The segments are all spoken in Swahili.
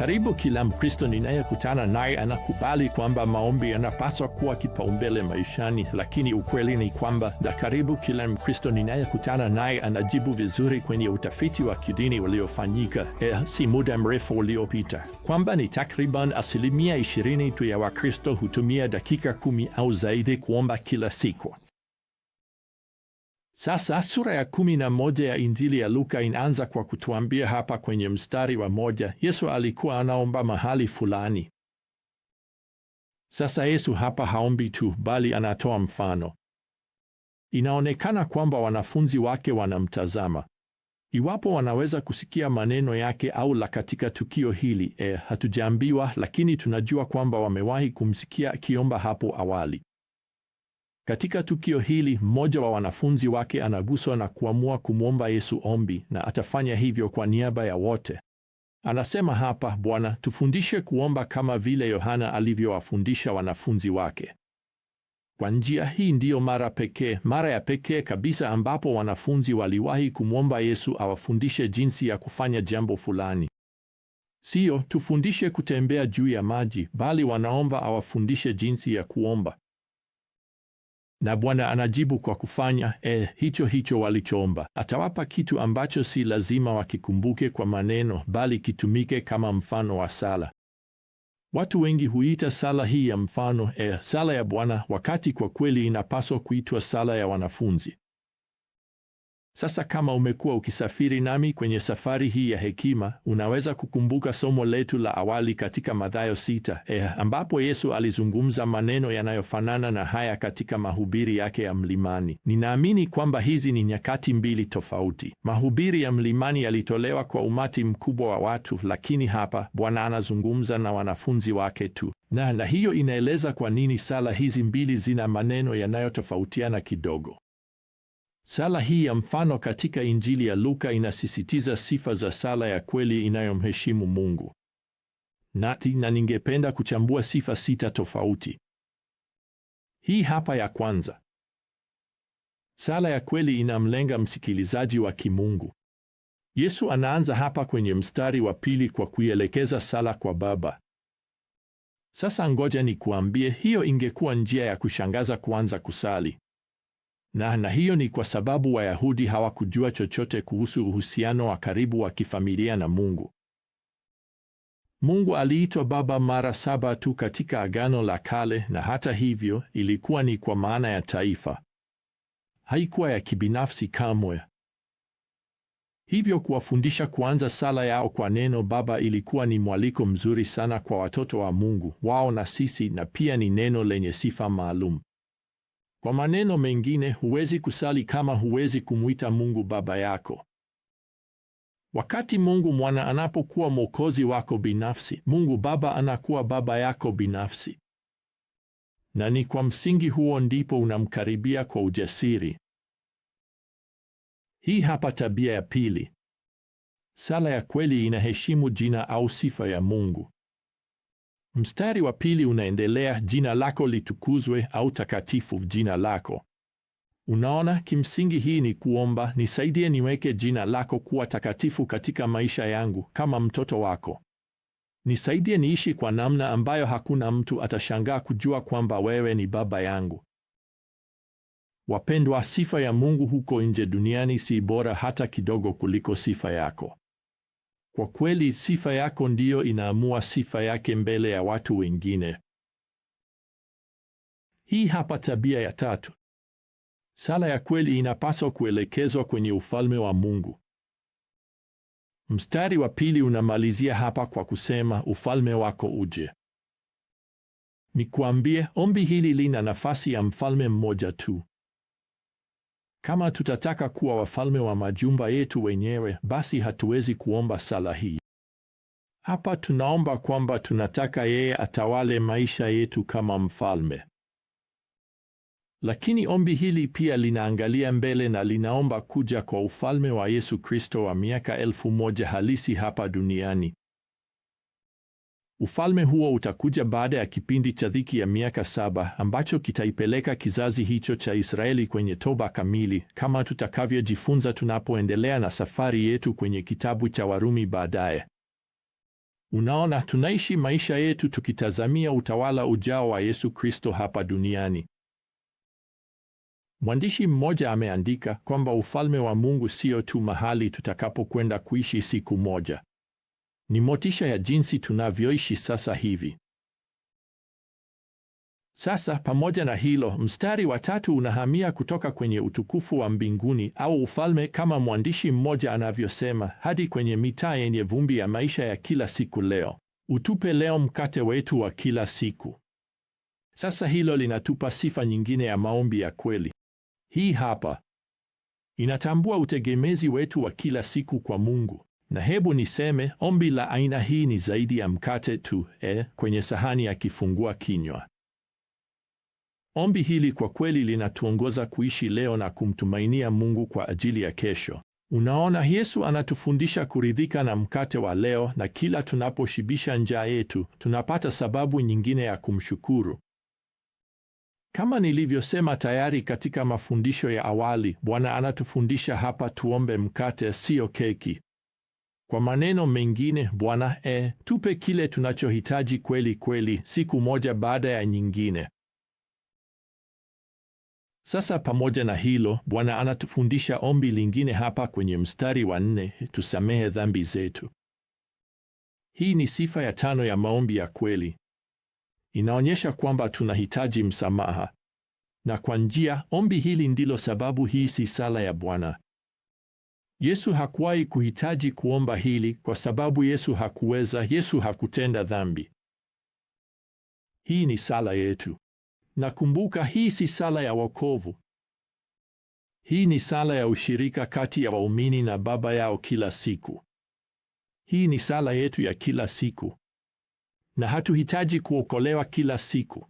Karibu kila Mkristo ninayekutana naye anakubali kwamba maombi yanapaswa kuwa kipaumbele maishani, lakini ukweli ni kwamba da karibu kila Mkristo ninayekutana naye anajibu vizuri kwenye utafiti wa kidini uliofanyika eh, si muda mrefu uliopita kwamba ni takriban asilimia 20 tu ya Wakristo hutumia dakika kumi au zaidi kuomba kila siku. Sasa sura ya kumi na moja ya Injili ya Luka inaanza kwa kutuambia hapa kwenye mstari wa moja, Yesu alikuwa anaomba mahali fulani. Sasa Yesu hapa haombi tu, bali anatoa mfano. Inaonekana kwamba wanafunzi wake wanamtazama. Iwapo wanaweza kusikia maneno yake au la katika tukio hili, eh, hatujaambiwa, lakini tunajua kwamba wamewahi kumsikia akiomba hapo awali. Katika tukio hili, mmoja wa wanafunzi wake anaguswa na kuamua kumwomba Yesu ombi, na atafanya hivyo kwa niaba ya wote. Anasema hapa, Bwana, tufundishe kuomba kama vile Yohana alivyowafundisha wanafunzi wake. Kwa njia hii ndiyo mara pekee, mara ya pekee kabisa ambapo wanafunzi waliwahi kumwomba Yesu awafundishe jinsi ya kufanya jambo fulani. Sio tufundishe kutembea juu ya maji, bali wanaomba awafundishe jinsi ya kuomba. Na Bwana anajibu kwa kufanya eh, hicho hicho walichoomba. Atawapa kitu ambacho si lazima wakikumbuke kwa maneno, bali kitumike kama mfano wa sala. Watu wengi huita sala hii ya mfano eh, sala ya Bwana, wakati kwa kweli inapaswa kuitwa sala ya wanafunzi. Sasa kama umekuwa ukisafiri nami kwenye safari hii ya hekima, unaweza kukumbuka somo letu la awali katika Mathayo sita, eh, ambapo Yesu alizungumza maneno yanayofanana na haya katika mahubiri yake ya mlimani. Ninaamini kwamba hizi ni nyakati mbili tofauti. Mahubiri ya mlimani yalitolewa kwa umati mkubwa wa watu, lakini hapa Bwana anazungumza na wanafunzi wake tu. Na na hiyo inaeleza kwa nini sala hizi mbili zina maneno yanayotofautiana kidogo. Sala hii ya mfano katika Injili ya Luka inasisitiza sifa za sala ya kweli inayomheshimu Mungu. Nati na ningependa kuchambua sifa sita tofauti. Hii hapa ya kwanza. Sala ya kweli inamlenga msikilizaji wa kimungu. Yesu anaanza hapa kwenye mstari wa pili kwa kuielekeza sala kwa Baba. Sasa ngoja nikuambie, hiyo ingekuwa njia ya kushangaza kuanza kusali na na hiyo ni kwa sababu Wayahudi hawakujua chochote kuhusu uhusiano wa karibu wa kifamilia na Mungu. Mungu aliitwa Baba mara saba tu katika Agano la Kale, na hata hivyo ilikuwa ni kwa maana ya taifa, haikuwa ya kibinafsi kamwe. Hivyo kuwafundisha kuanza sala yao kwa neno Baba ilikuwa ni mwaliko mzuri sana kwa watoto wa Mungu, wao na sisi, na pia ni neno lenye sifa maalum. Kwa maneno mengine, huwezi kusali kama huwezi kumwita Mungu baba yako. Wakati Mungu mwana anapokuwa mwokozi wako binafsi, Mungu Baba anakuwa baba yako binafsi, na ni kwa msingi huo ndipo unamkaribia kwa ujasiri. Hii hapa tabia ya pili: sala ya kweli inaheshimu jina au sifa ya Mungu. Mstari wa pili unaendelea, jina lako litukuzwe, au takatifu jina lako. Unaona, kimsingi hii ni kuomba, nisaidie niweke jina lako kuwa takatifu katika maisha yangu kama mtoto wako. Nisaidie niishi kwa namna ambayo hakuna mtu atashangaa kujua kwamba wewe ni Baba yangu. Wapendwa, sifa ya Mungu huko nje duniani si bora hata kidogo kuliko sifa yako. Kwa kweli sifa yako ndiyo inaamua sifa yake mbele ya watu wengine. Hii hapa tabia ya tatu. Sala ya kweli inapaswa kuelekezwa kwenye ufalme wa Mungu. Mstari wa pili unamalizia hapa kwa kusema ufalme wako uje. Nikwambie, ombi hili lina nafasi ya mfalme mmoja tu. Kama tutataka kuwa wafalme wa majumba yetu wenyewe, basi hatuwezi kuomba sala hii. Hapa tunaomba kwamba tunataka yeye atawale maisha yetu kama mfalme. Lakini ombi hili pia linaangalia mbele na linaomba kuja kwa ufalme wa Yesu Kristo wa miaka elfu moja halisi hapa duniani. Ufalme huo utakuja baada ya kipindi cha dhiki ya miaka saba ambacho kitaipeleka kizazi hicho cha Israeli kwenye toba kamili, kama tutakavyojifunza tunapoendelea na safari yetu kwenye kitabu cha Warumi baadaye. Unaona, tunaishi maisha yetu tukitazamia utawala ujao wa Yesu Kristo hapa duniani. Mwandishi mmoja ameandika kwamba ufalme wa Mungu sio tu mahali tutakapokwenda kuishi siku moja ni motisha ya jinsi tunavyoishi sasa hivi. Sasa pamoja na hilo, mstari wa tatu unahamia kutoka kwenye utukufu wa mbinguni au ufalme, kama mwandishi mmoja anavyosema, hadi kwenye mitaa yenye vumbi ya maisha ya kila siku. Leo utupe leo mkate wetu wa kila siku. Sasa hilo linatupa sifa nyingine ya maombi ya kweli. Hii hapa inatambua utegemezi wetu wa kila siku kwa Mungu. Na hebu niseme ombi la aina hii ni zaidi ya mkate tu e, kwenye sahani ya kifungua kinywa. Ombi hili kwa kweli linatuongoza kuishi leo na kumtumainia Mungu kwa ajili ya kesho. Unaona, Yesu anatufundisha kuridhika na mkate wa leo, na kila tunaposhibisha njaa yetu tunapata sababu nyingine ya kumshukuru. Kama nilivyosema tayari katika mafundisho ya awali, Bwana anatufundisha hapa tuombe mkate, sio keki. Kwa maneno mengine, Bwana e, tupe kile tunachohitaji kweli kweli, siku moja baada ya nyingine. Sasa pamoja na hilo, Bwana anatufundisha ombi lingine hapa kwenye mstari wa nne, tusamehe dhambi zetu. Hii ni sifa ya tano ya maombi ya kweli. Inaonyesha kwamba tunahitaji msamaha, na kwa njia ombi hili ndilo sababu hii si sala ya Bwana Yesu hakuwahi kuhitaji kuomba hili kwa sababu Yesu hakuweza, Yesu hakutenda dhambi. Hii ni sala yetu. Nakumbuka, hii si sala ya wokovu. Hii ni sala ya ushirika kati ya waumini na Baba yao kila siku. Hii ni sala yetu ya kila siku, na hatuhitaji kuokolewa kila siku.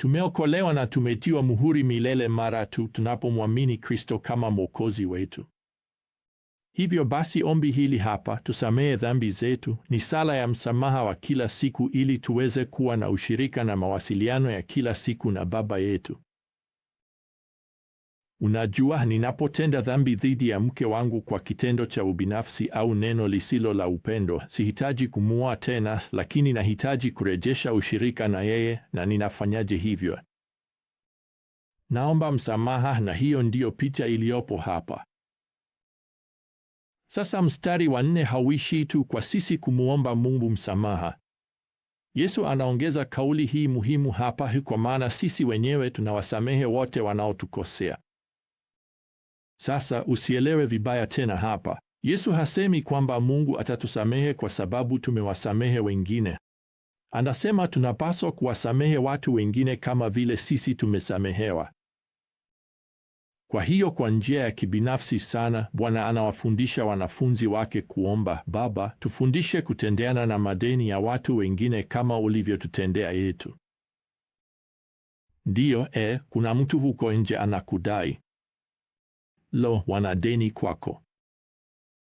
Tumeokolewa na tumetiwa muhuri milele mara tu tunapomwamini Kristo kama mwokozi wetu. Hivyo basi ombi hili hapa, tusamehe dhambi zetu, ni sala ya msamaha wa kila siku ili tuweze kuwa na ushirika na mawasiliano ya kila siku na Baba yetu. Unajua, ninapotenda dhambi dhidi ya mke wangu kwa kitendo cha ubinafsi au neno lisilo la upendo, sihitaji kumua tena, lakini nahitaji kurejesha ushirika na yeye. Na ninafanyaje hivyo? Naomba msamaha, na hiyo ndiyo picha iliyopo hapa. Sasa mstari wa nne hauishi tu kwa sisi kumwomba Mungu msamaha. Yesu anaongeza kauli hii muhimu hapa, kwa maana sisi wenyewe tunawasamehe wote wanaotukosea. Sasa usielewe vibaya tena hapa. Yesu hasemi kwamba Mungu atatusamehe kwa sababu tumewasamehe wengine. Anasema tunapaswa kuwasamehe watu wengine kama vile sisi tumesamehewa. Kwa hiyo kwa njia ya kibinafsi sana, Bwana anawafundisha wanafunzi wake kuomba, Baba, tufundishe kutendeana na madeni ya watu wengine kama ulivyotutendea yetu. Ndiyo, e, kuna mtu huko nje anakudai. Lo, wana deni kwako.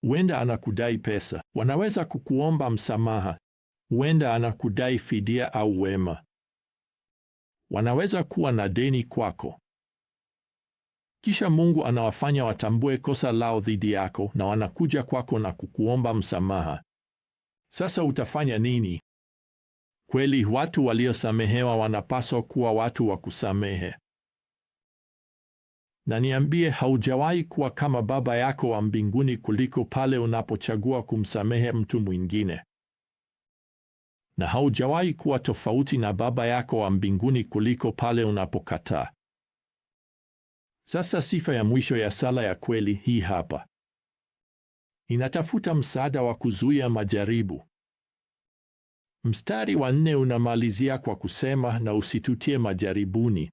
Huenda anakudai pesa, wanaweza kukuomba msamaha. Huenda anakudai fidia au wema, wanaweza kuwa na deni kwako. Kisha Mungu anawafanya watambue kosa lao dhidi yako na wanakuja kwako na kukuomba msamaha. Sasa utafanya nini? Kweli watu waliosamehewa wanapaswa kuwa watu wa kusamehe. Na niambie, haujawahi kuwa kama Baba yako wa mbinguni kuliko pale unapochagua kumsamehe mtu mwingine, na haujawahi kuwa tofauti na Baba yako wa mbinguni kuliko pale unapokataa sasa sifa ya mwisho ya sala ya kweli hii hapa. Inatafuta msaada wa kuzuia majaribu. Mstari wa nne unamalizia kwa kusema na usitutie majaribuni.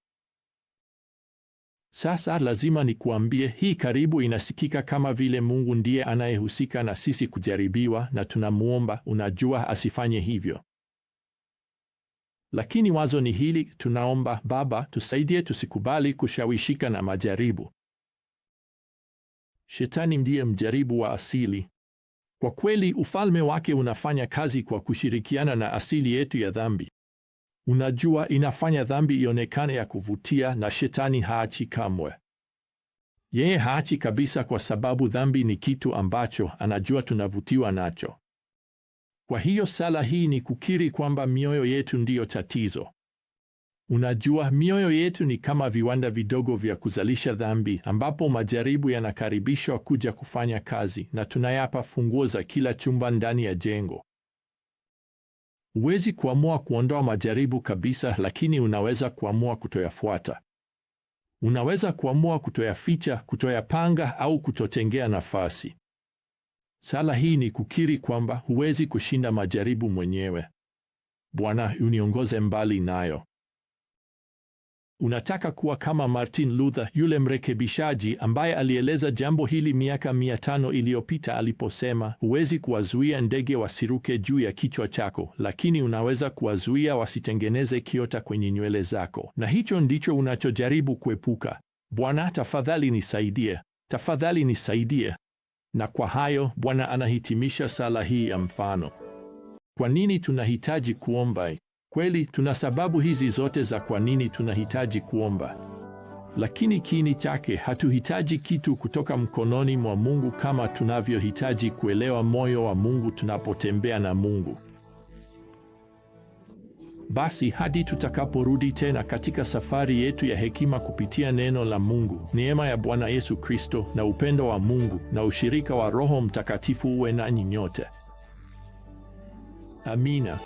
Sasa lazima nikuambie, hii karibu inasikika kama vile Mungu ndiye anayehusika na sisi kujaribiwa, na tunamwomba, unajua, asifanye hivyo. Lakini wazo ni hili, tunaomba Baba tusaidie tusikubali kushawishika na majaribu. Shetani ndiye mjaribu wa asili. Kwa kweli, ufalme wake unafanya kazi kwa kushirikiana na asili yetu ya dhambi. Unajua, inafanya dhambi ionekane ya kuvutia, na shetani haachi kamwe. Yeye haachi kabisa, kwa sababu dhambi ni kitu ambacho anajua tunavutiwa nacho. Kwa hiyo sala hii ni kukiri kwamba mioyo yetu ndiyo tatizo. Unajua, mioyo yetu ni kama viwanda vidogo vya kuzalisha dhambi, ambapo majaribu yanakaribishwa kuja kufanya kazi na tunayapa funguo za kila chumba ndani ya jengo. Huwezi kuamua kuondoa majaribu kabisa, lakini unaweza kuamua kutoyafuata. Unaweza kuamua kutoyaficha, kutoyapanga au kutotengea nafasi. Sala hii ni kukiri kwamba huwezi kushinda majaribu mwenyewe. Bwana, uniongoze mbali nayo. Unataka kuwa kama Martin Luther, yule mrekebishaji ambaye alieleza jambo hili miaka mia tano iliyopita aliposema, huwezi kuwazuia ndege wasiruke juu ya kichwa chako, lakini unaweza kuwazuia wasitengeneze kiota kwenye nywele zako. Na hicho ndicho unachojaribu kuepuka. Bwana, tafadhali nisaidie, tafadhali nisaidie. Na kwa hayo Bwana anahitimisha sala hii ya mfano. Kwa nini tunahitaji kuomba? Kweli tuna sababu hizi zote za kwa nini tunahitaji kuomba, lakini kiini chake, hatuhitaji kitu kutoka mkononi mwa Mungu kama tunavyohitaji kuelewa moyo wa Mungu tunapotembea na Mungu. Basi hadi tutakaporudi tena katika safari yetu ya hekima kupitia neno la Mungu, neema ya Bwana Yesu Kristo na upendo wa Mungu na ushirika wa Roho Mtakatifu uwe nanyi nyote. Amina.